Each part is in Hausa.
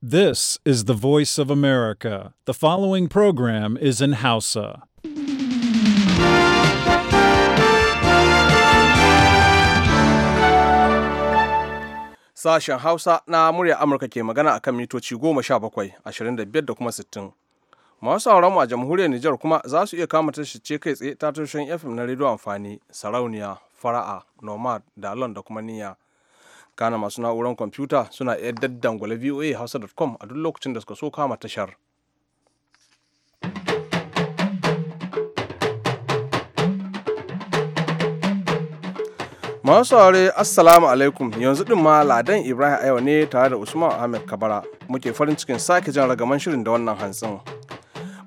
This is the voice of America. The following program is in Hausa. Sashen Hausa na murya Amurka ke magana kan mitoci goma sha bakwai, ashirin da biyar da kuma sittin, Masu sauran a jamhuriyar Nijar kuma za su iya kama tashice kai tsaye ta tushen FM na rediyo amfani, sarauniya, fara'a, nomad, dalon da kuma niyya. kana masu na'urar kwamfuta suna iya daddangwale voa hausa.com a duk lokacin da suka so kama tashar. Masu saurare Assalamu alaikum yanzu din ma Ladan Ibrahim Ayo ne tare da Usman Ahmed Kabara muke farin cikin sake jan ragaman shirin da wannan hantsin.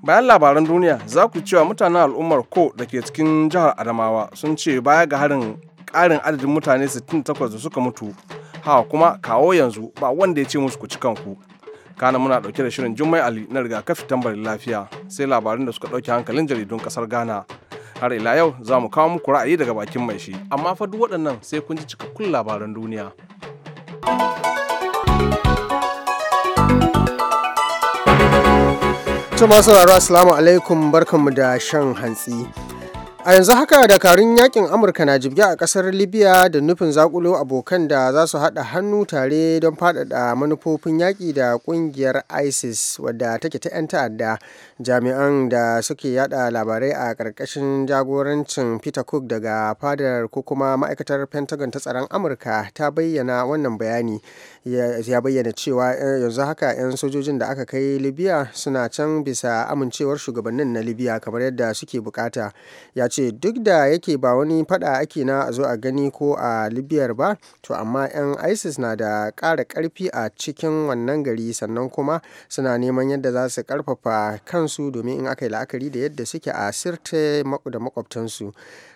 Bayan labaran duniya za ku cewa mutanen al'ummar ko da ke cikin jihar Adamawa sun ce baya ga harin ƙarin adadin mutane 68 da suka mutu ha kuma kawo yanzu ba wanda ya ce musu ku ci kanku kana muna dauke da shirin jummai ali na rigakafi tambarin lafiya sai labarin da suka dauke hankalin jaridun kasar ghana har ila yau za mu kawo muku ra'ayi daga bakin mai shi amma fa duk waɗannan sai kun ji cikakkun labaran duniya to masu sauraro assalamu alaikum barkanmu da shan hantsi a yanzu haka dakarun yakin amurka na jibge a kasar libya da nufin zakulo abokan da za su haɗa hannu tare don faɗaɗa manufofin yaƙi da ƙungiyar isis wadda take ta 'yan ta'adda jami'an da suke yada labarai a ƙarƙashin jagorancin peter cook daga fadar ko kuma ma'aikatar pentagon ta tsaron amurka ta bayyana wannan bayani ya bayyana cewa eh, yanzu haka 'yan sojojin da aka kai libya suna can bisa amincewar shugabannin na libya kamar yadda suke bukata ya ce duk da yake ba wani fada ake na a zo a gani ko a libyar ba to amma 'yan isis na da ƙara ƙarfi a cikin wannan gari sannan kuma suna neman yadda za su ƙarfafa kansu su domin in aka yi la'akari da yadda suke a sirte da makwabtansu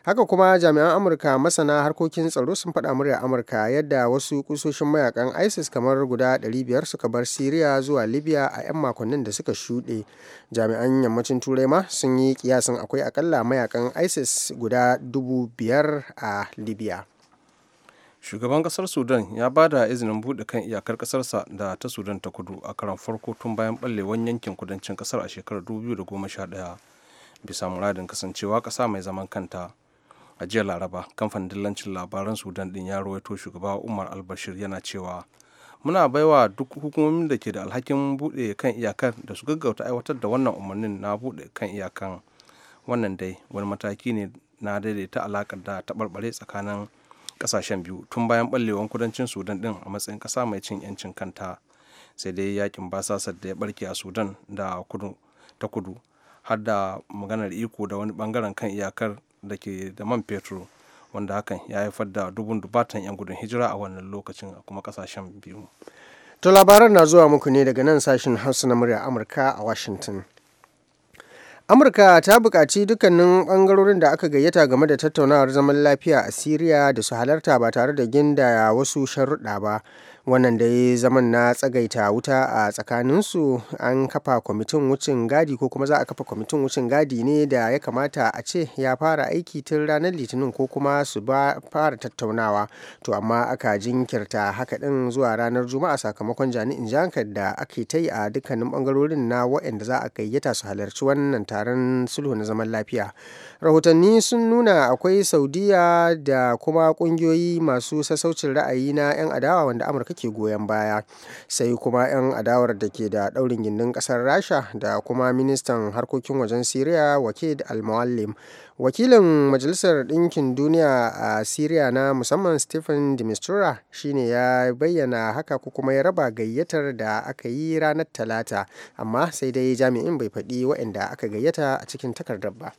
haka kuma jami'an amurka masana harkokin tsaro sun faɗa murya amurka yadda wasu kusoshin mayakan isis kamar guda 500 suka bar syria zuwa libya a 'yan makonnin da suka shuɗe jami'an yammacin turai ma sun yi kiyasin akwai akalla mayakan isis guda 5,000 a libya shugaban kasar sudan ya ba da izinin buɗe kan iyakar kasarsa da ta sudan ta kudu a karan farko tun bayan ɓallewan yankin kudancin kasar a shekarar 2011 bisa muradin kasancewa ƙasa mai zaman kanta a jiya laraba kamfanin dillancin labaran sudan din ya rawaito shugaba umar albashir yana cewa muna baiwa duk hukumomin da ke da alhakin buɗe kan iyakar da su gaggauta aiwatar da wannan umarnin na buɗe kan iyakan wannan dai wani mataki ne na daidaita alakar da taɓarɓare tsakanin kasashen biyu tun bayan ɓallewar kudancin sudan din a matsayin ƙasa mai cin 'yancin kanta sai dai yakin basasar da ya barke a sudan da kudu ta kudu har da maganar iko da wani bangaren kan iyakar da ke da man fetur wanda hakan ya haifar da dubun dubatan 'yan gudun hijira a wannan lokacin a kuma kasashen biyu to labaran na zuwa muku ne daga nan sashen hausa na murya amurka a washington amurka ta buƙaci dukkanin ɓangarorin da aka gayyata game da tattaunawar zaman lafiya a siriya da su halarta ba tare da gindaya wasu sharuɗa ba wannan da dai zaman na tsagaita wuta a tsakaninsu an kafa kwamitin wucin gadi ko kuma za a kafa kwamitin wucin gadi ne da ya kamata a ce ya fara aiki tun ranar litinin ko kuma su ba fara tattaunawa to amma aka jinkirta haka din zuwa ranar juma'a sakamakon jani'in jankar da ake ta yi a dukkanin bangarorin na waɗanda za a gayyata su halarci wannan taron sulhu na zaman lafiya rahotanni sun nuna akwai saudiya da kuma kungiyoyi masu sassaucin ra'ayi na 'yan adawa wanda amurka ke goyon baya sai kuma 'yan adawar da ke da daurin gindin kasar rasha da kuma ministan harkokin wajen syria wakil al-muallim wakilin majalisar ɗinkin duniya a syria na musamman stephen dimistura shine ya bayyana haka ko kuma ya raba gayyatar da aka yi ranar talata amma sai dai jami'in bai faɗi waɗanda aka gayyata a cikin takardar ba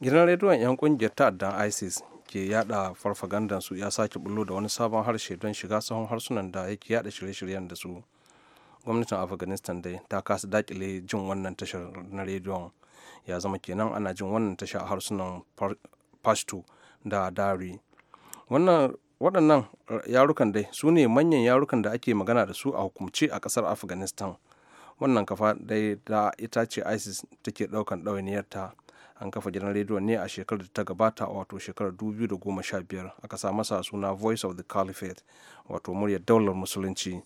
gidan rediyon 'yan kungiyar ta'addan isis ke yada farfagandan su ya sake bullo da wani sabon harshe don shiga sahun harsunan da yake yada shirye-shiryen da su gwamnatin afghanistan dai ta kasa dakile jin wannan tashar na rediyon ya zama kenan ana jin wannan tasha a harsunan pashto da dari waɗannan eh, yarukan dai su ne manyan yarukan da ake magana da su a hukumce a ƙasar afghanistan wannan kafa dai da ita ce isis take ɗaukan ɗawainiyarta an kafa gidan rediyon ne a shekarar da ta gabata wato shekarar 2015 aka sa masa suna voice of the caliphate wato muryar daular musulunci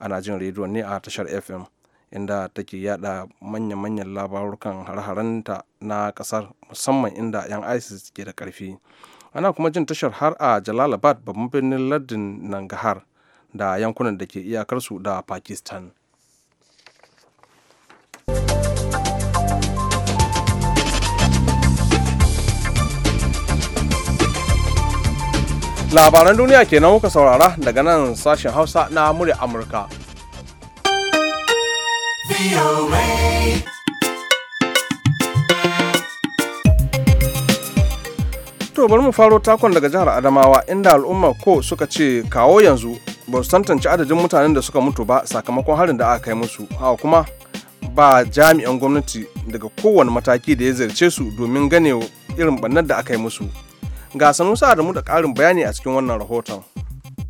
ana jin rediyon ne a tashar fm inda take yada manya-manyan labarukan har-haranta na kasar musamman inda 'yan isis ke da karfi ana kuma jin tashar har a jalalabad babban birnin lardin nangahar da yankunan da ke iyakarsu da pakistan labaran duniya kenan muka saurara daga nan sashen hausa na murya amurka to bari mu faro takon daga jihar adamawa inda al'ummar ko suka ce kawo yanzu ba su tantance adadin mutanen da suka mutu ba sakamakon harin da aka kai musu hawa kuma ba jami'an gwamnati daga kowane mataki da ya zarce su domin gane irin bannan da aka yi musu ga sa da mu da ƙarin bayani a cikin wannan rahoton.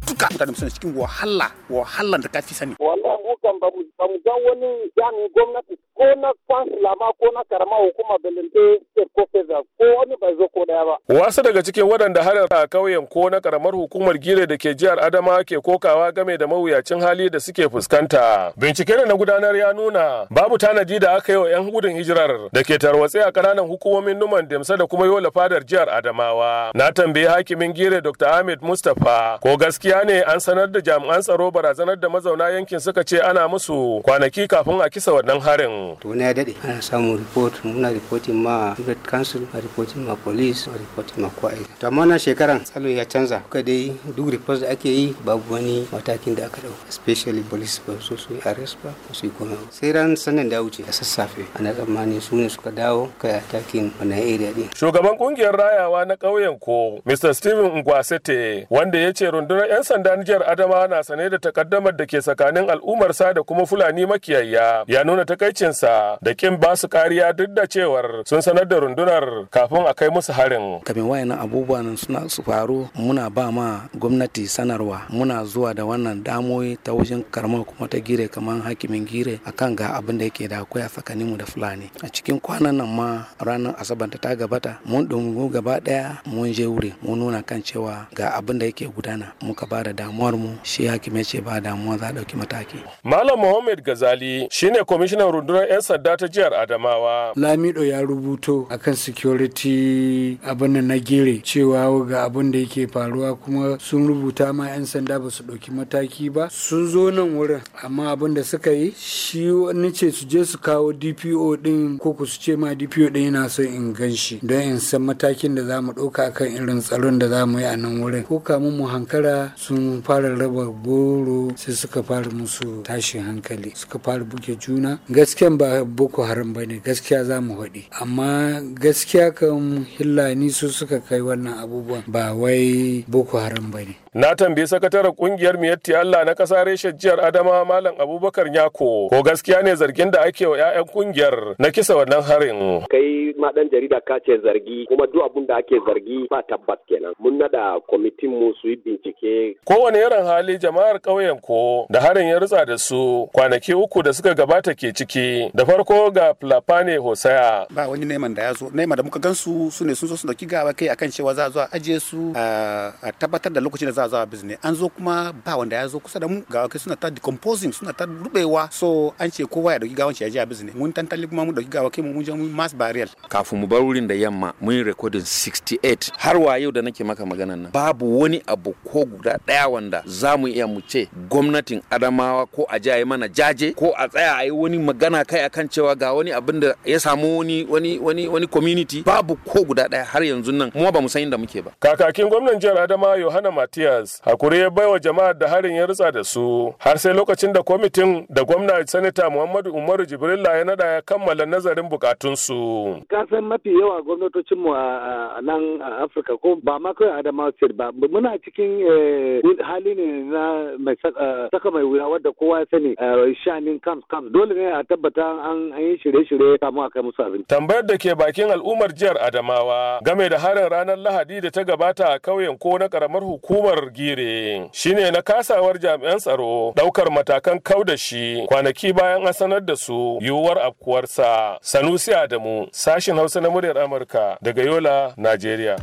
Duka mutane cikin wahala wahalan da kafi sani. Wallahi mu ba mu ga wani jami'in gwamnati ko na silama ko na karama hukuma belente ko feza ko wani bai zo ko daya ba. Wasu daga cikin waɗanda harin a ƙauyen ko na karamar hukumar gire da ke jihar Adama ke kokawa game da mawuyacin hali da suke fuskanta. Bincike da na gudanar ya nuna babu tanadi da aka yi wa 'yan gudun hijirar da ke tarwatse a ƙananan hukumomin numan Demsa da kuma Yola fadar jihar Adamawa. Na tambayi hakimin gire Dr. Ahmed Mustapha ko gaskiya ne an sanar da jami'an tsaro barazanar da mazauna yankin suka ce ce ana musu kwanaki kafin a kisa wannan harin to na ya dade ana samun report muna reporting ma Red council a reporting ma police a reporting ma kwai to amma na shekaran tsalo ya canza kuka dai duk report da ake yi babu wani matakin da aka dauka especially police ba so su yi arrest ba su yi sai ran sanin da wuce a sassafe ana tsammani su ne suka dawo kai atakin wannan area din shugaban ƙungiyar rayawa na ƙauyen ko Mr. Steven Ngwasete wanda ya ce rundunar 'yan sandan jihar Adamawa na sane da takaddamar da ke tsakanin al'ummar matarsa da kuma Fulani makiyayya ya nuna takaicinsa da kin ba su kariya duk da cewar sun sanar da rundunar kafin a kai musu harin. Kamin wayannan abubuwan suna su faru muna ba ma gwamnati sanarwa muna zuwa da wannan damoyi ta wajen karma kuma ta gire kamar hakimin gire akan ga abin da yake da akwai a mu da Fulani. A cikin kwanan nan ma ranar Asabar ta gabata mun dungu gaba daya mun je wuri mun nuna kan cewa ga abin da yake gudana muka ba da damuwar mu shi hakim ya ce ba damuwa za a dauki mataki Malam Muhammad Gazali shine kwamishinan rundunar 'yan sanda ta jihar Adamawa. Lamido ya rubuto akan security abin na gere cewa ga abin da yake faruwa kuma sun rubuta ma 'yan sanda ba su ɗauki mataki ba. Sun zo nan wurin amma abin da suka yi shi wani ce su je su kawo DPO din ko ku su ce ma DPO din yana so in ganshi don in san matakin da za mu ɗauka akan irin tsaron da za mu yi a nan wurin. Ko kamun mu hankara sun fara raba goro sai suka fara musu tashin hankali suka fara buge juna Gaskiya ba boko haram ba gaskiya za mu haɗi amma gaskiya kan hillani su suka kai wannan abubuwan ba wai boko haram ba na tambayi sakataren kungiyar miyatti Allah na kasa reshen jihar Adama Malam Abubakar Nyako ko gaskiya ne zargin da ake wa 'ya'yan kungiyar na kisa wannan harin. Kai ma dan jarida ka ce zargi kuma duk abun da ake zargi ba tabbas kenan. Mun nada kwamitin mu su yi bincike. Kowane irin hali jama'ar kauyen ko da harin ya rutsa da su kwanaki uku da suka gabata ke ciki da farko ga Plapane Hosaya. Ba wani neman da ya zo neman da muka gansu su ne sun zo su dauki gawa kai akan cewa za a zo a ajiye su a tabbatar da lokacin da za a zo a bizne an zo kuma ba wanda ya zo kusa da mu gawa kai suna ta decomposing suna ta rubewa so an ce kowa ya dauki gawan shi ya je a bizne mun tantali kuma mun dauki gawa kai mun je mun mass burial. Kafin mu bar wurin da yamma mun yi recording 68 har wa yau da nake maka maganan nan babu wani abu ko guda daya wanda za mu iya mu ce gwamnatin Adamawa ko ko a jaye mana jaje ko a tsaya a yi wani magana kai akan cewa ga wani abin da ya samu wani wani wani wani community babu ko guda daya har yanzu nan mu ba mu san inda muke ba kakakin gwamnan jihar Adama Yohana Matias hakuri ya baiwa jama'ar da harin ya rutsa da su har sai lokacin da kwamitin da gwamna sanata Muhammadu Umaru Jibrilla ya nada ya kammala nazarin bukatun su kasan mafi yawa gwamnatocin mu a nan a Afirka ko ba ma kawai Adama ba muna cikin eh, hali ne na mai saka eh, mai wuya wadda ko kowa ya sani eh, shanin kams kams dole ne a tabbata an yi shirye-shirye kamu a kai musu abinci. Tambayar da ke bakin al'ummar jihar Adamawa game da harin ranar Lahadi da ta gabata a kauyen ko na karamar hukumar Gire shine na kasawar jami'an tsaro daukar matakan kau da shi kwanaki bayan a sanar da su yiwuwar afkuwarsa. Sanusi Adamu sashin Hausa na muryar Amurka daga Yola, Najeriya.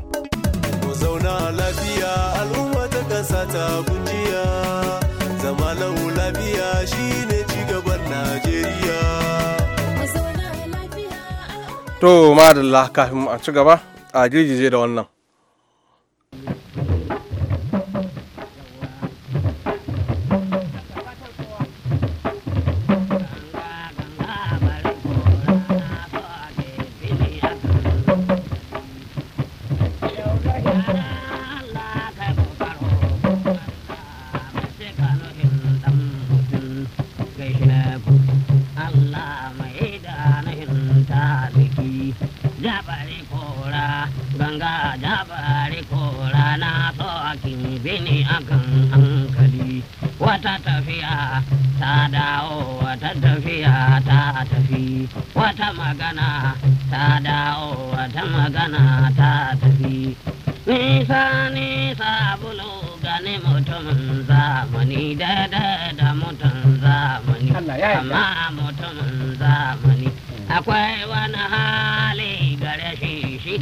Ku zauna lafiya al'umma ta kasa ta kujiya. to madalla kafin a ci gaba a girgije da wannan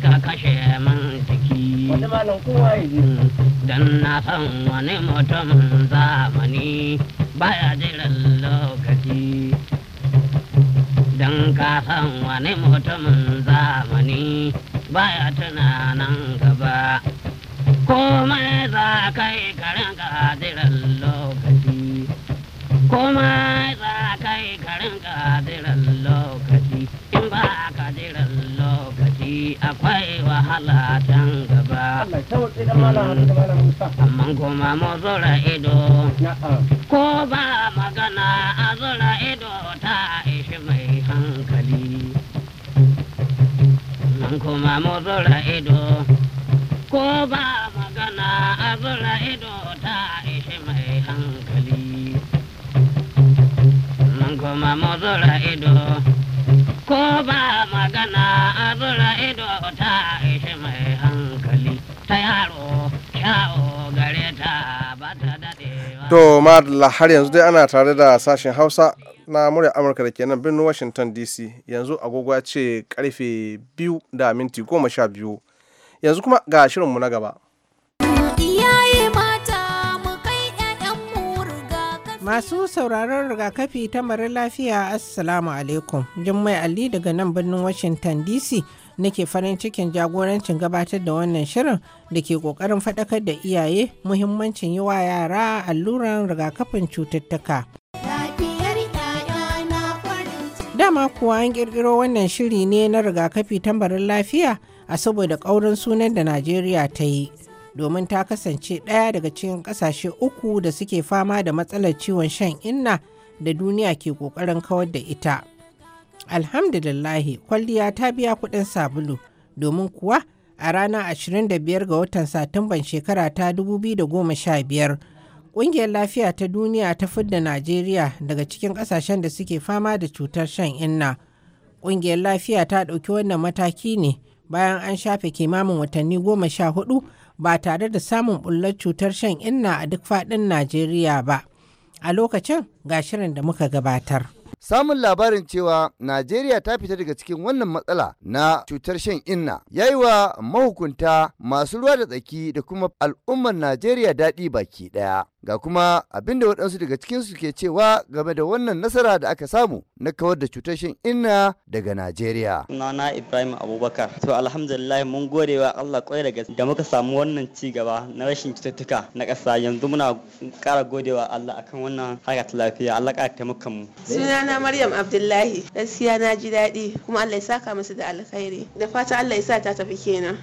ka kashe man jiki dan na san wani mutum zamani baya jiran lokaci dan ka san wani mutum zamani baya tunanan gaba komai za kai karin ka lokaci kuma za yi karin ka lokaci. wahala dan gaba amma kuma mu zura ido ko ba magana a zura ido ta ishi mai hankali kuma mu zura ido ko ba magana a zura ido ta ishi mai hankali nan kuma mu zura ido ko ba magana a zura ido ta ishi mai hankali ta yaro kyawo gare ta ba ta daɗewa. To madalla har yanzu dai ana tare da sashen Hausa na murya Amurka da kenan birnin Washington DC yanzu agogo ya ce karfe biyu da minti goma sha biyu yanzu kuma ga shirinmu na gaba. Masu sauraron rigakafi ta marar lafiya Assalamu alaikum. Jummai Ali daga nan birnin Washington DC nake farin cikin jagorancin gabatar da wannan shirin da ke kokarin faɗakar da iyaye muhimmancin yi wa yara alluran rigakafin cututtuka. Dama kuwa an ƙirƙiro wannan shiri ne na rigakafi ta tambarin lafiya a saboda ƙaurin sunan da Najeriya ta yi domin ta kasance ɗaya daga cikin ƙasashe uku da suke fama da matsalar ciwon shan inna da duniya ke ƙoƙarin kawar da ita. Alhamdulillahi kwalliya ta biya kuɗin sabulu domin kuwa a ranar 25 ga watan Satumban shekara ta 2015 ƙungiyar lafiya ta duniya ta fidda Najeriya daga cikin ƙasashen da suke fama da cutar shan inna. Ƙungiyar lafiya ta ɗauki wannan mataki ne bayan an shafe kimamin watanni goma sha hudu ba tare da samun bullar cutar shan inna a duk faɗin Najeriya ba. A lokacin ga shirin da muka gabatar. Samun labarin cewa Najeriya ta fita daga cikin wannan matsala na cutar shan inna ya yi wa mahukunta masu ruwa da tsaki da kuma al'ummar Najeriya daɗi baki ɗaya. Ga kuma abin da waɗansu daga cikinsu ke cewa game da wannan nasara da aka samu na kawar da cutar inna daga Najeriya. Sunana Ibrahim Abubakar. To alhamdulillah mun gode wa Allah kwai daga da muka samu wannan ci gaba na rashin cututtuka na ƙasa yanzu muna ƙara wa Allah akan wannan harkar lafiya Allah ƙara taimaka mu. Sunana Maryam Abdullahi. Gaskiya na ji daɗi kuma Allah ya saka musu da alkhairi. Da fata Allah ya sa ta tafi kenan.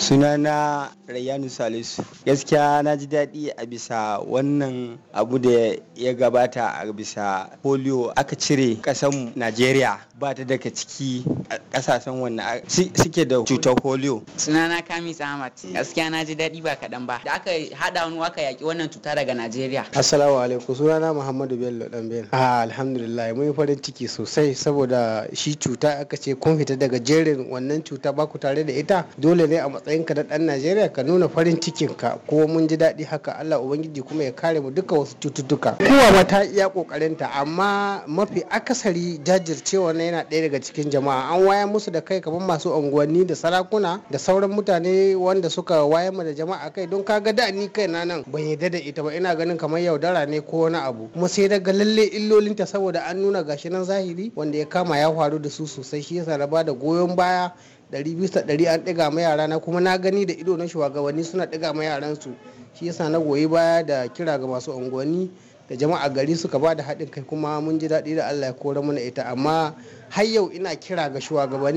sunana rayanu salisu gaskiya na ji daɗi a bisa wannan abu da ya gabata a bisa polio aka cire ƙasan najeriya ba ta daga ciki a ƙasashen wannan suke da cutar polio sunana kamis ahmad gaskiya na ji daɗi ba kaɗan ba da aka haɗa wani aka yaƙi wannan cuta daga najeriya assalamu alaikum sunana muhammadu bello ɗanbel ah alhamdulillah mun yi farin ciki sosai saboda shi cuta aka ce kun fita daga jerin wannan cuta ba ku tare da ita dole ne a matsayin matsayinka na ɗan Najeriya ka nuna farin cikinka kuma mun ji daɗi haka Allah Ubangiji kuma ya kare mu duka wasu cututtuka. Kowa ma ta iya ƙoƙarinta amma mafi akasari jajircewa na yana ɗaya daga cikin jama'a an waya musu da kai kamar masu unguwanni da sarakuna da sauran mutane wanda suka wayar mu da jama'a kai don kaga da ni kai na nan ban yarda da ita ba ina ganin kamar yaudara ne ko wani abu kuma sai daga lalle illolinta saboda an nuna gashi nan zahiri wanda ya kama ya faru da su sosai shi yasa na bada goyon baya ɗari bisa ɗari an ɗiga ma yara na kuma na gani da ido na shugabanni suna ɗiga ma yaran su shi yasa na goyi baya da kira ga masu unguwanni da jama'a gari suka ba da haɗin kai kuma mun ji daɗi da Allah ya kora mana ita amma har yau ina kira ga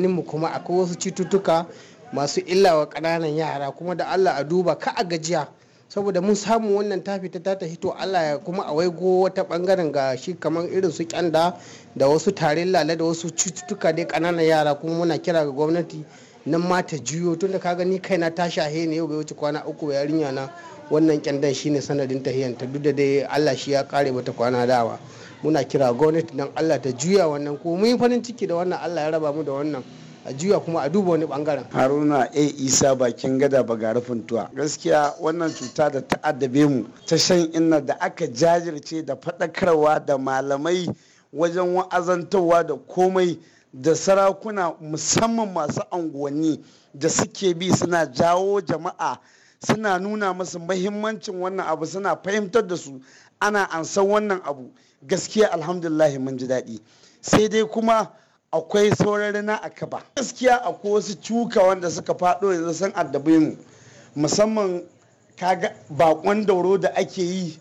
mu kuma akwai wasu cututtuka masu illawa wa ƙananan yara kuma da Allah a duba ka a gajiya saboda mun samu wannan ta fita ta ta hito Allah ya kuma a waigo wata bangaren ga shi kamar irin su kyanda da wasu tarin lalata da wasu cututtuka dai kananan yara kuma muna kira ga gwamnati nan ma ta juyo tunda kaga ni kaina ta shahe ne yau bai wuce kwana uku yarinya na wannan kyandan shine sanadin tahiyanta duk da dai Allah shi ya kare mata kwana dawa muna kira gwamnati dan Allah ta juya wannan ko mun farin ciki da wannan Allah ya raba mu da wannan a juya kuma a duba wani bangaren haruna a eh, isa bakin gada ga rufin tuwa gaskiya wannan cuta da ta mu ta shan inna da aka jajirce da faɗakarwa da malamai wajen wa'azantarwa da komai da sarakuna musamman masu anguwanni da suke bi suna jawo jama'a suna nuna masu mahimmancin wannan abu suna fahimtar da su ana ansan wannan abu gaskiya alhamdulillah mun ji daɗi sai dai kuma akwai saurari na akaba gaskiya akwai wasu cuka wanda suka fado yanzu sun addabe mu musamman kaga bakon dauro da ake yi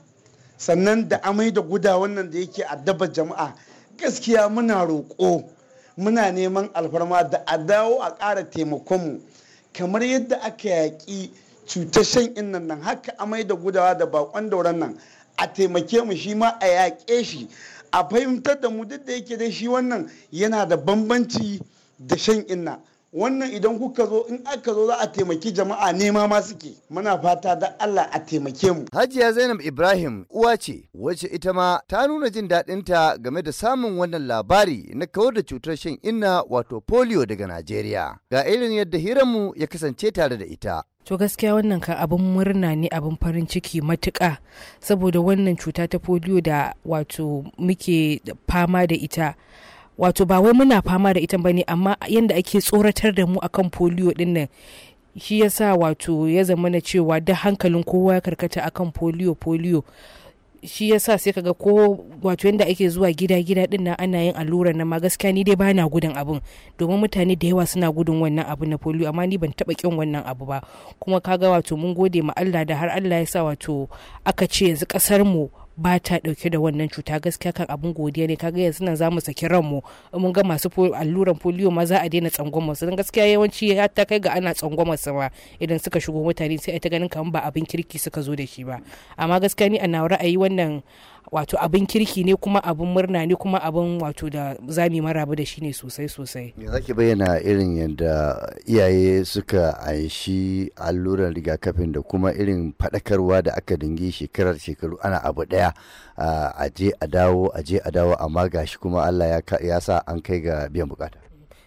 sannan da amai da guda wannan da yake addaba jama'a gaskiya muna roƙo muna neman alfarma da a dawo a ƙara taimakonmu kamar yadda aka yaƙi cutar shan innan nan haka amai da gudawa da bakon dauran nan a taimake mu shi ma a yaƙe shi a fahimtar da mu duk da yake dai shi wannan yana da bambanci da shan inna wannan idan kuka zo in aka zo za a taimaki jama'a nema ma suke muna fata da Allah a taimake mu Hajiya Zainab Ibrahim uwa ce wacce ita ma ta nuna jin daɗinta game da samun wannan labari na kawar da cutar shan inna wato polio daga Najeriya ga irin yadda mu ya kasance tare da ita to gaskiya wannan ka abin murna ne abin farin ciki matuƙa saboda wannan cuta ta polio da wato muke fama da ita wato ba wai muna fama da ita bane amma yadda ake tsoratar da mu akan polio din nan shi yasa wato ya zama na cewa da hankalin kowa ya karkata akan polio polio shi yasa sai kaga ko wato yadda ake zuwa gida gida din nan ana yin allurar nan ma gaskiya ni dai bana gudun abun domin mutane da yawa suna gudun wannan abu na polio amma ni ban taba kin wannan abu ba kuma kaga wato mun gode ma Allah da har Allah ya sa wato aka ce yanzu kasar mu ba ta dauke da wannan cuta gaskiya kan abin godiya ne kaga yanzu nan zamu saki ran ranmu mun ga masu alluran polio ma za a daina tsangwamar su dan gaskiya yawanci ya ta kai ga ana tsangwamar su ma idan suka shigo mutane sai a ta ganin kamar ba abin kirki suka zo da shi ba amma gaskiya ni a ra'ayi wannan wato abin kirki ne kuma abin murna ne kuma abin wato da zami maraba da shi ne sosai sosai me za ki bayyana irin yadda iyaye suka anshi alluran rigakafin da kuma irin faɗakarwa da aka dingi shekarar shekaru ana abu ɗaya a je a dawo a je a dawo amma gashi kuma Allah ya sa an kai ga biyan bukata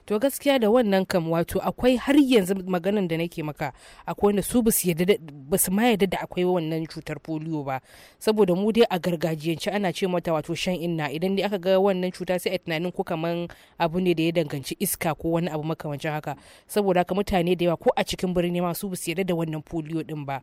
to gaskiya da wannan kam wato akwai har yanzu maganan da nake maka akwai wanda su basu yadda basu ma yadda da akwai wannan cutar polio ba saboda mu dai a gargajiyance ana ce mata wato shan inna idan dai aka ga wannan cuta sai a tunanin ko kaman abu ne da ya danganci iska ko wani abu makamancin haka saboda haka mutane da yawa ko a cikin birni ma su basu yadda da wannan polio din ba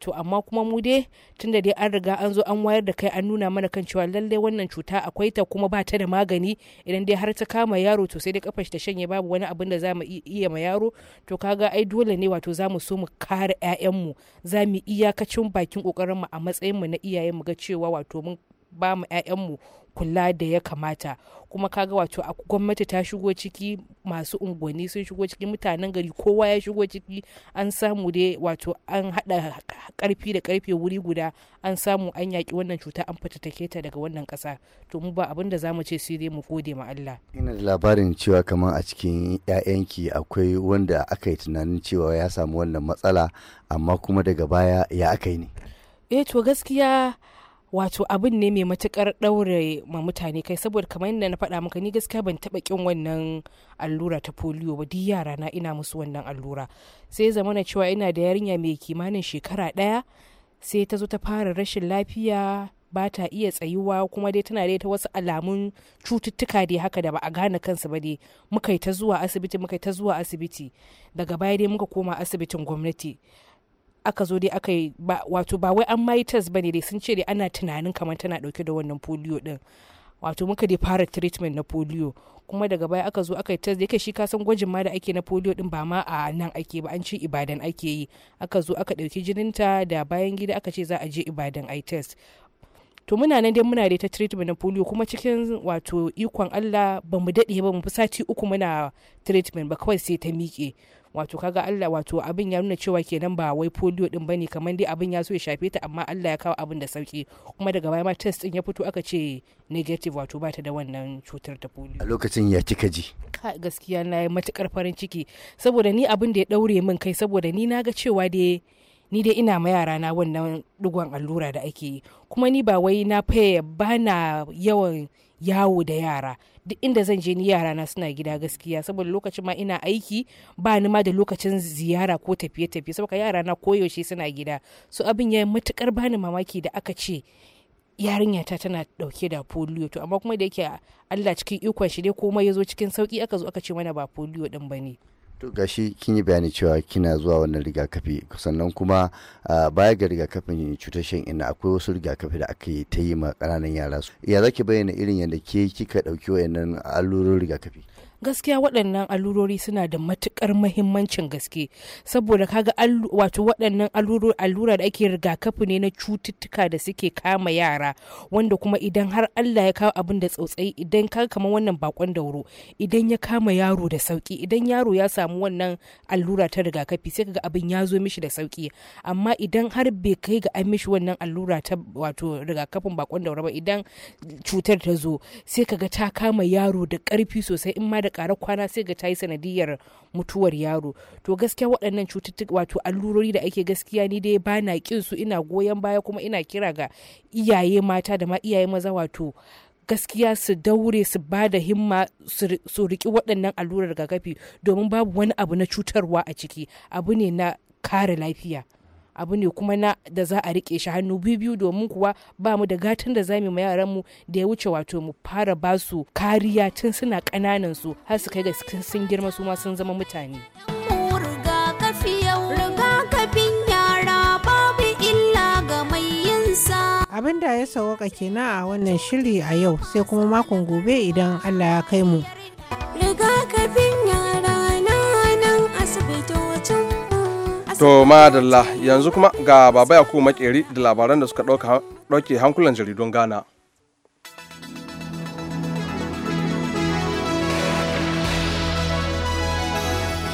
to amma kuma mu dai da dai an riga an zo an wayar da kai an nuna mana kan cewa lallai wannan cuta akwai ta kuma ba ta da magani idan dai har ta kama yaro to sai dai kafar ta shanye babu wani abin da za mu iya ma yaro to kaga ai dole ne wato za mu so mu kare 'ya'yanmu za mu iyakacin bakin kokarin mu a matsayin mu na iyayen mu ga cewa wato mun ba mu 'ya'yanmu kula da ya kamata kuma kaga wato a gwamnati ta shigo ciki masu unguwanni sun shigo ciki mutanen gari kowa ya shigo ciki an samu dai wato an hada karfi da karfe wuri guda an samu an yaki wannan cuta an take ta daga wannan kasa to mu ba abin da zamu ce sai dai mu gode ma Allah ina da labarin cewa kamar a cikin ƴaƴanki akwai wanda aka yi tunanin cewa ya samu wannan matsala amma kuma daga baya ya aka yi ne eh to gaskiya wato abin ne mai matukar ɗaure ma mutane kai saboda kamar yadda na faɗa maka ni gaskiya ban taɓa kin wannan allura ta polio ba duk yara na ina musu wannan allura sai zamana cewa ina da yarinya mai kimanin shekara ɗaya sai ta zo ta fara rashin lafiya ba ta iya tsayuwa kuma dai tana dai ta wasu alamun cututtuka dai haka da ba a gane kansu ba dai muka ta zuwa asibiti muka ta zuwa asibiti daga baya dai muka koma asibitin gwamnati aka zo dai aka yi wato ba wai an tas test bane dai sun ce dai ana tunanin kamar tana dauke da wannan polio din wato muka dai fara treatment na polio kuma daga baya aka zo aka yi test yake shi kasan gwajin ma da ake na polio din ba ma a nan ake ba an ce ibadan ake yi aka zo aka dauki jininta da bayan gida aka ce za a je ibadan ai test to muna nan dai muna da ta treatment na polio kuma cikin wato ikon Allah ba mu daɗe ba mu fi sati uku muna treatment ba kawai sai ta miƙe wato kaga Allah wato abin ya nuna cewa kenan ba wai polio din bane kamar dai abin ya so ya shafe ta amma Allah ya kawo abin da sauki kuma daga baya ma test din ya fito aka ce negative wato ba ta da wannan cutar ta polio a lokacin ya kika ji ka gaskiya na yi matukar farin ciki saboda ni abin da ya daure min kai saboda ni na ga cewa dai ni dai ina ma yara na wannan digon allura da ake kuma ni ba wai na faye ba na yawan yawo da yara duk inda zan je ni yara na suna gida gaskiya saboda lokacin ma ina aiki ba ni ma da lokacin ziyara ko tafiye tafiye saboda yara na koyaushe suna gida so abin ya yi matukar bani mamaki da aka ce yarinya ta tana dauke da polio to amma kuma da yake Allah cikin ikon shi dai komai ya zo cikin sauki aka zo aka ce mana ba polio din bane to gashi kin yi bayani cewa kina zuwa wannan rigakafi sannan kuma baya ga rigakafin cutar shan inna akwai wasu rigakafi da aka yi ta yi ma ƙananan yara su ya zaki bayyana irin yadda ke kika ɗauki wayannan allurorin rigakafi gaskiya waɗannan allurori suna da matukar mahimmancin gaske saboda kaga wato waɗannan allura da ake rigakafi ne na cututtuka da suke kama yara wanda kuma idan har Allah ya kawo abin da tsautsayi idan ka kama wannan bakon dauro idan ya kama yaro da sauki idan yaro ya samu wannan allura ta rigakafi sai kaga abin ya zo mishi da sauki amma idan har bai kai ga an mishi wannan allura ta wato rigakafin bakon dauro ba idan cutar ta zo sai kaga ta kama yaro da ƙarfi sosai in ma da kara kwana sai ga ta yi sanadiyar mutuwar yaro to gaskiya waɗannan cututtuka wato allurori da ake gaskiya ni dai ba na kin su ina goyon baya kuma ina kira ga iyaye mata da ma iyaye maza wato gaskiya su daure su ba da himma su riƙi waɗannan allurar rigakafi domin babu wani abu na cutarwa a ciki abu ne na kare lafiya. abu ne kuma na da za a rike shi hannu biyu biyu domin kuwa ba mu da gatun da za mu ma yaran mu da ya wuce wato mu fara ba su kariya tun suna ƙananan su har su kai ga sun girma su ma sun zama mutane. abin da ya sawaka kenan a wannan shiri a yau sai kuma makon gobe idan allah ya kai mu rigakafin To madalla yanzu kuma ga baba Yakubu maƙeri da labaran da suka ɗauke hankulan jaridun Ghana.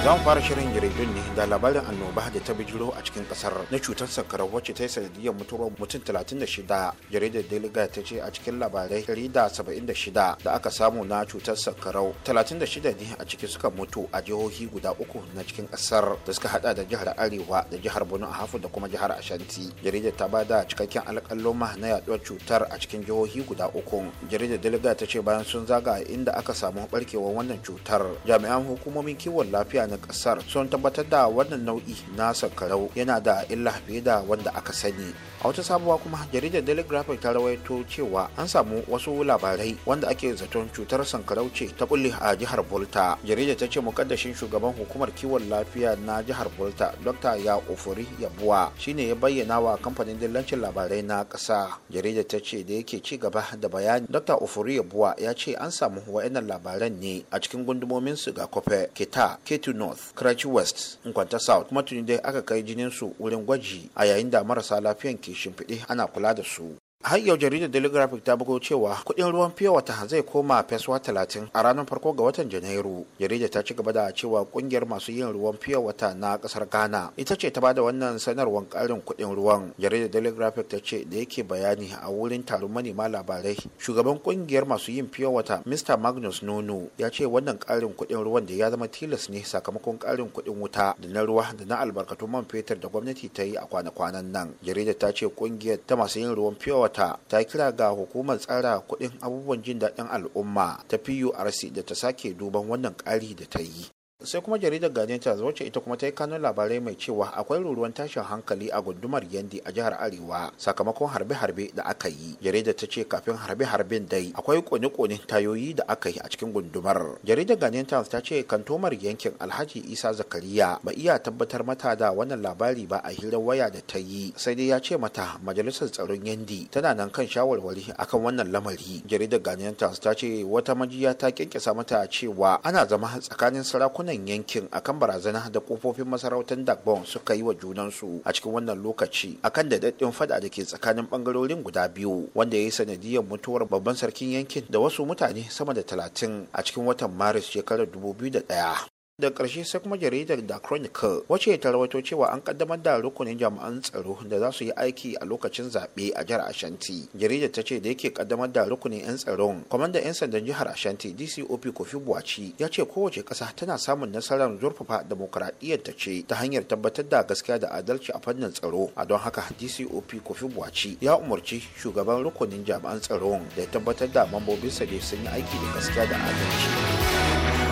zan fara shirin jaridun ne da labarin annoba da ta bijiro a cikin kasar na cutar sankarau wacce ta yi sanadiyar mutuwar mutum 36 jaridar daily ta ce a cikin labarai 176 da aka samu na cutar sankarau 36 ne a ciki suka mutu a jihohi guda uku na cikin kasar da suka hada da jihar arewa da jihar borno a hafu da kuma jihar ashanti jaridar ta bada cikakken alkaloma na yaduwar cutar a cikin jihohi guda uku jaridar daliga ta ce bayan sun zaga inda aka samu barkewar wannan cutar jami'an hukumomin kiwon lafiya na kasar sun tabbatar da wannan nau'i na sankarau yana da illa fiye da wanda aka sani a wata sabuwa kuma jaridar daily graphic ta rawaito cewa an samu wasu labarai wanda ake zaton cutar sankarau ce ta kulle a jihar volta jaridar ta ce mukaddashin shugaban hukumar kiwon lafiya na jihar volta dr ya ofori yabuwa shine ya bayyana wa kamfanin dillancin labarai na kasa. jaridar ta ce da yake ci gaba da bayani dr ofori yabuwa ya ce an samu wa'annan labaran ne a cikin gundumomin su ga kofe keta ketu north karachi west nkwanta south kuma tuni dai aka kai jinin su wurin gwaji a yayin da marasa lafiyan ke shimfiɗe ana kula da su har yau jaridar telegraphic ta bugo cewa kudin ruwan fiye wata zai koma fesuwa talatin a ranar farko ga watan janairu jaridar ta ci gaba da cewa kungiyar masu yin ruwan fiye wata na kasar ghana ita ce ta bada wannan sanarwar karin kudin ruwan jaridar telegraphic ta ce da yake bayani a wurin taron manema labarai shugaban kungiyar masu yin fiye wata mr magnus nono ya ce wannan karin kudin ruwan da ya zama tilas ne sakamakon karin kudin wuta da na ruwa da na albarkatun man fetur da gwamnati ta yi a kwana-kwanan nan jaridar ta ce kungiyar ta masu yin ruwan fiye wata ta kira ga hukumar tsara kudin abubuwan jin daɗin al'umma ta PURC da ta sake duban wannan ƙari da ta yi. sai kuma jaridar guardian ta wacce ita kuma ta yi kanun labarai mai cewa akwai ruruwan tashin hankali a gundumar yandi a jihar arewa sakamakon harbe-harbe da aka yi jaridar ta ce kafin harbe-harben dai akwai kone-kone tayoyi da aka yi a cikin gundumar jaridar guardian ta ta ce kantomar yankin alhaji isa zakariya ba iya tabbatar mata da wannan labari ba a hirar waya da ta yi sai dai ya ce mata majalisar tsaron yandi tana nan kan shawarwari akan wannan lamari jaridar guardian ta ce wata majiya ta kyankyasa mata cewa ana zama tsakanin sarakuna wannan yankin akan barazana da kofofin masarautar dagbon suka yi wa junansu a cikin wannan lokaci akan da daddin fada da ke tsakanin bangarorin guda biyu wanda ya yi sanadiyar mutuwar babban sarkin yankin da wasu mutane sama da talatin a cikin watan maris shekarar 2001 daga ƙarshe sai kuma jaridar da chronicle wacce ta rawaito cewa an kaddamar da rukunin jami'an tsaro da za su yi aiki a lokacin zaɓe a jihar ashanti jaridar ta ce da yake kaddamar da rukunin 'yan tsaron kwamandan 'yan sandan jihar ashanti dcop kofi buwaci ya ce kowace ƙasa tana samun nasarar zurfafa demokuraɗiyyar ta ce ta hanyar tabbatar da gaskiya da adalci a fannin tsaro a don haka dcop kofi buwaci ya umarci shugaban rukunin jami'an tsaron da ya tabbatar da mambobinsa da sun yi aiki da gaskiya da adalci.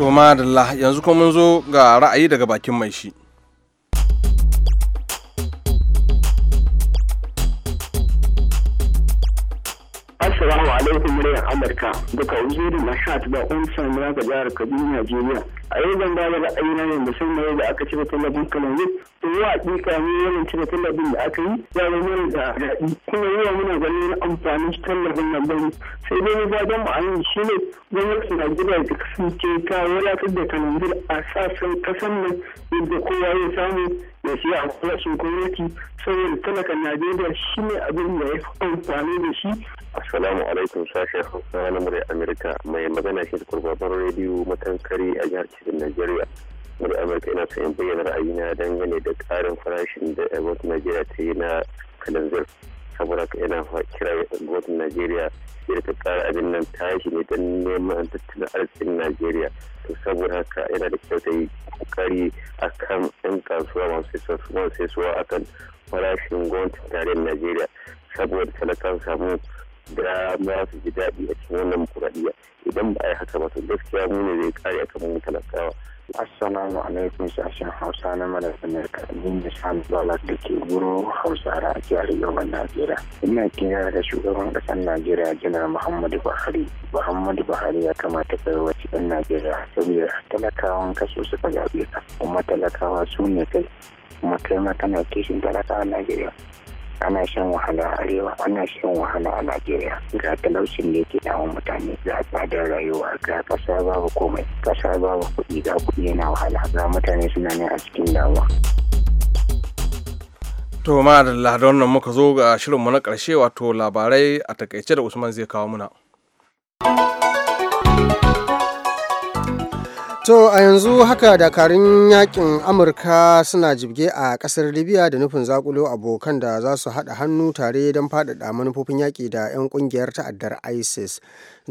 To madalla yanzu kuma mun zo ga ra'ayi daga bakin mai shi. Assalamu alaikum muryar Amurka daga Wuzuri Mashat da Unsan Mura ga jihar Kaduna Najeriya. A yau zan ba da ra'ayi na ne da yadda aka da talabin kalangu ruwa ɗika ne wannan cire tallafin da aka yi ya zama mana da daɗi kuma yawa muna ganin amfanin tallafin nan bane sai dai mu ba mu anan shi ne gwamnatin Najeriya da kasance ta wadatar da kananzir a sassan kasan nan yadda kowa ya samu da shi a kwalashin gwamnati saboda talakan Najeriya shi ne abin da ya fi amfani da shi. Assalamu alaikum sashen Hausa na murya Amurka mai magana shi da kurbabar rediyo matankari a jihar Cikin Najeriya. wani amurka yana son in bayyana ra'ayina dangane da karin farashin da gwamnatin najeriya ta yi na kalanzir saboda haka yana kira gwamnatin najeriya da ta kara abin nan tashi ne don neman tattalin arzikin najeriya to saboda haka yana da kyau ta yi kokari a kan yan kasuwa masu sesuwa a kan farashin gwamnatin tarihin najeriya saboda talakan samu da ma su ji daɗi a cikin wannan kuraɗiya idan ba a yi haka ba to gaskiya mu ne zai kare akan mu talakawa Assalamu alaikum sashen Hausa na Malasanar Kadin da Shan Dollars da ke guro Hausa a jihar Yoruba Najeriya. Ina kira da shugaban ƙasar Najeriya Janar Muhammadu Buhari. Muhammadu Buhari ya kamata kai wace ɗan Najeriya saboda talakawan kaso suka zaɓe ka kuma talakawa su ne kai kuma kai ma kana kishin talakawan Najeriya. ana shan wahala a arewa ana shan wahala a najeriya ga talaucin da ke damun mutane ga tsadar rayuwa ga kasa babu komai kasa babu kuɗi ga kuɗi yana wahala ga mutane suna ne a cikin damuwa. to ma da wannan muka zo ga shirinmu na karshe wato labarai a takaice da usman zai kawo muna. To a yanzu haka dakarun yakin Amurka suna jibge a kasar Libya da nufin zakulo abokan da za su haɗa hannu tare don faɗaɗa manufofin yaƙi da 'yan ƙungiyar ta'addar ISIS.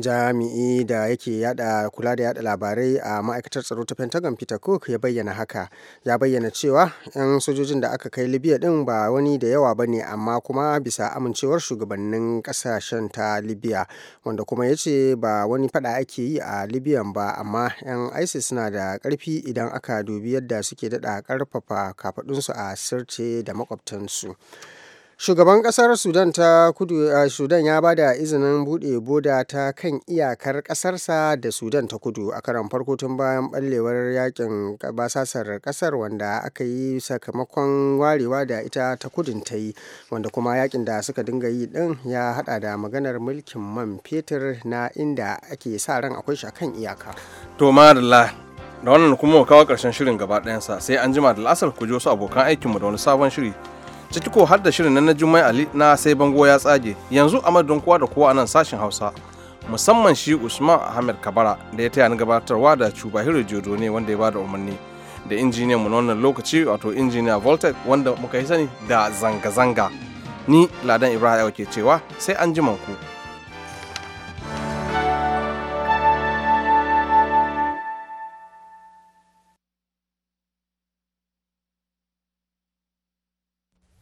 jami'i da yake yada kula da yada labarai a ma'aikatar tsaro ta pentagon peter cook ya bayyana haka ya bayyana cewa 'yan sojojin da aka kai libya din ba wani da yawa ba ne amma kuma bisa amincewar shugabannin kasashen ta libya wanda kuma ya ce ba wani fada ake yi a libyan ba amma 'yan isis suna da karfi idan aka dubi yadda suke dada karfafa kafadunsu a sirce da makwabtansu. Shugaban ƙasar Sudan ta kudu uh, Sudan ya bada izinin buɗe boda ta kan iyakar ƙasarsa da Sudan ta kudu a karan farko tun bayan ballewar yakin basasar ƙasar wanda aka yi sakamakon warewa da ita ta kudin ta yi wanda kuma yakin da suka dinga yi ɗin ya haɗa da maganar mulkin man fetur na inda ake sa ran akwai shi kan iyaka. To madalla da wannan kuma kawo karshen shirin gaba ɗayansa sai an jima da la'asar ku ji wasu abokan aikinmu da wani sabon shiri. ciki har da shirin na Jummai Ali na sai bango ya tsage yanzu Amadu don kowa da kowa anan nan sashen Hausa musamman shi Usman Ahmed Kabara da ya taya ni gabatarwa da Chubahiro Jodo ne wanda ya ba da umarni da injiniyan mu na wannan lokaci wato injiniya Voltec wanda muka yi sani da zanga-zanga ni Ladan Ibrahim ke cewa sai an ku.